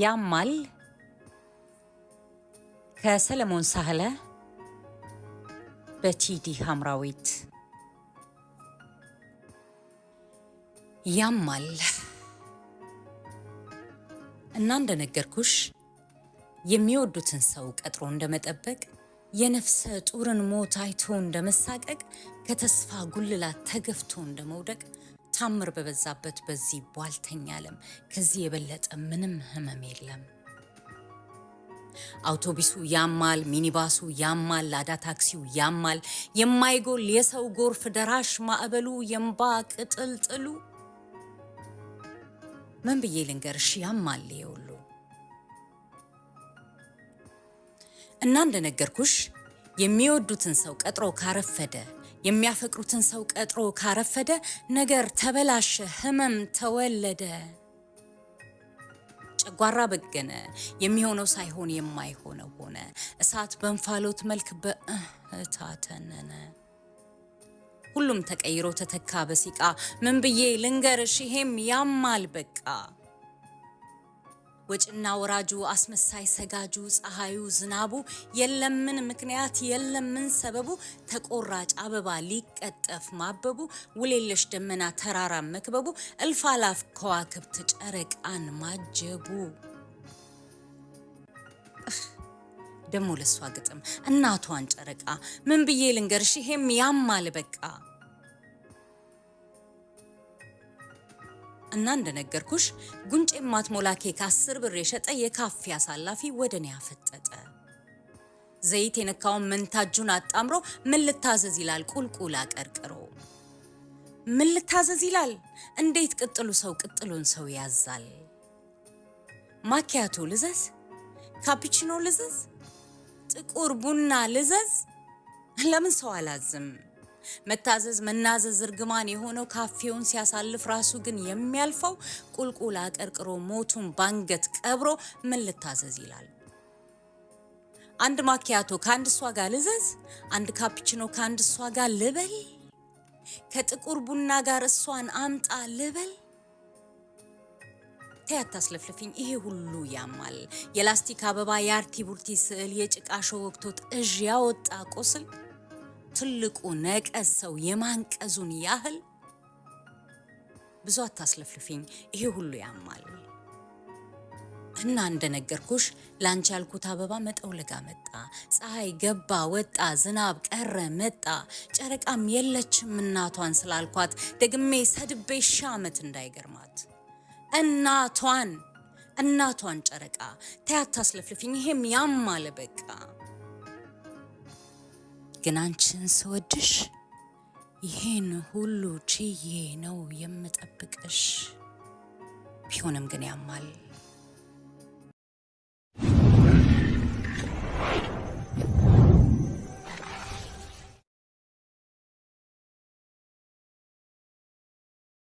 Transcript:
ያማል ከሰለሞን ሳህለ በቲዲ ሐምራዊት። ያማል እና እንደነገርኩሽ የሚወዱትን ሰው ቀጥሮ እንደመጠበቅ የነፍሰ ጡርን ሞት አይቶ እንደመሳቀቅ ከተስፋ ጉልላት ተገፍቶ እንደመውደቅ ታምር በበዛበት በዚህ ቧልተኛ ዓለም ከዚህ የበለጠ ምንም ህመም የለም። አውቶቡሱ ያማል፣ ሚኒባሱ ያማል፣ ላዳ ታክሲው ያማል። የማይጎል የሰው ጎርፍ ደራሽ ማዕበሉ የምባ ቅጥልጥሉ ምን ብዬ ልንገርሽ? ያማል የውሉ እና እንደነገርኩሽ የሚወዱትን ሰው ቀጥሮ ካረፈደ የሚያፈቅሩትን ሰው ቀጥሮ ካረፈደ ነገር ተበላሸ፣ ህመም ተወለደ። ጨጓራ በገነ፣ የሚሆነው ሳይሆን የማይሆነው ሆነ። እሳት በእንፋሎት መልክ በእህታ ሁሉም ተቀይሮ ተተካ በሲቃ። ምን ብዬ ልንገርሽ ይሄም ያማል በቃ። ወጭና ወራጁ፣ አስመሳይ ሰጋጁ፣ ፀሐዩ፣ ዝናቡ የለምን ምክንያት የለምን ሰበቡ፣ ተቆራጭ አበባ ሊቀጠፍ ማበቡ፣ ውሌለሽ ደመና ተራራ መክበቡ፣ እልፍ አላፍ ከዋክብት ጨረቃን ማጀቡ። ደሞ ለሷ ግጥም እናቷን ጨረቃ ምን ብዬ ልንገርሽ? ይሄም ያማል በቃ እና እንደነገርኩሽ ጉንጭ የማትሞላ ኬክ አስር ብር የሸጠ የካፌ አሳላፊ ወደ እኔ አፈጠጠ። ዘይት የነካውን መንታጁን እጁን አጣምሮ ምን ልታዘዝ ይላል ቁልቁል አቀርቅሮ። ምን ልታዘዝ ይላል እንዴት ቅጥሉ ሰው ቅጥሉን ሰው ያዛል። ማኪያቶ ልዘዝ፣ ካፒቺኖ ልዘዝ፣ ጥቁር ቡና ልዘዝ፣ ለምን ሰው አላዝም? መታዘዝ መናዘዝ እርግማን የሆነው ካፌውን ሲያሳልፍ ራሱ ግን የሚያልፈው ቁልቁል አቀርቅሮ ሞቱን ባንገት ቀብሮ ምን ልታዘዝ ይላል። አንድ ማኪያቶ ከአንድ እሷ ጋር ልዘዝ፣ አንድ ካፕችኖ ከአንድ እሷ ጋር ልበል፣ ከጥቁር ቡና ጋር እሷን አምጣ ልበል። ተይ አታስለፍልፍኝ፣ ይሄ ሁሉ ያማል። የላስቲክ አበባ፣ የአርቲ ቡርቲ ስዕል፣ የጭቃ ወቅቶት እዥ ያወጣ ቁስል ትልቁ ነቀዝ ሰው የማንቀዙን ያህል ብዙ አታስለፍልፊኝ፣ ይሄ ሁሉ ያማል እና እንደነገርኩሽ ላንቺ ያልኩት አበባ መጠውለጋ መጣ፣ ፀሐይ ገባ ወጣ፣ ዝናብ ቀረ መጣ፣ ጨረቃም የለችም እናቷን ስላልኳት ደግሜ ሰድቤ ሺ ዓመት እንዳይገርማት እናቷን እናቷን ጨረቃ ተያት ታስለፍልፊኝ፣ ይሄም ያማለ በቃ። ግን አንቺን ስወድሽ ይሄን ሁሉ ችዬ ነው የምጠብቅሽ። ቢሆንም ግን ያማል።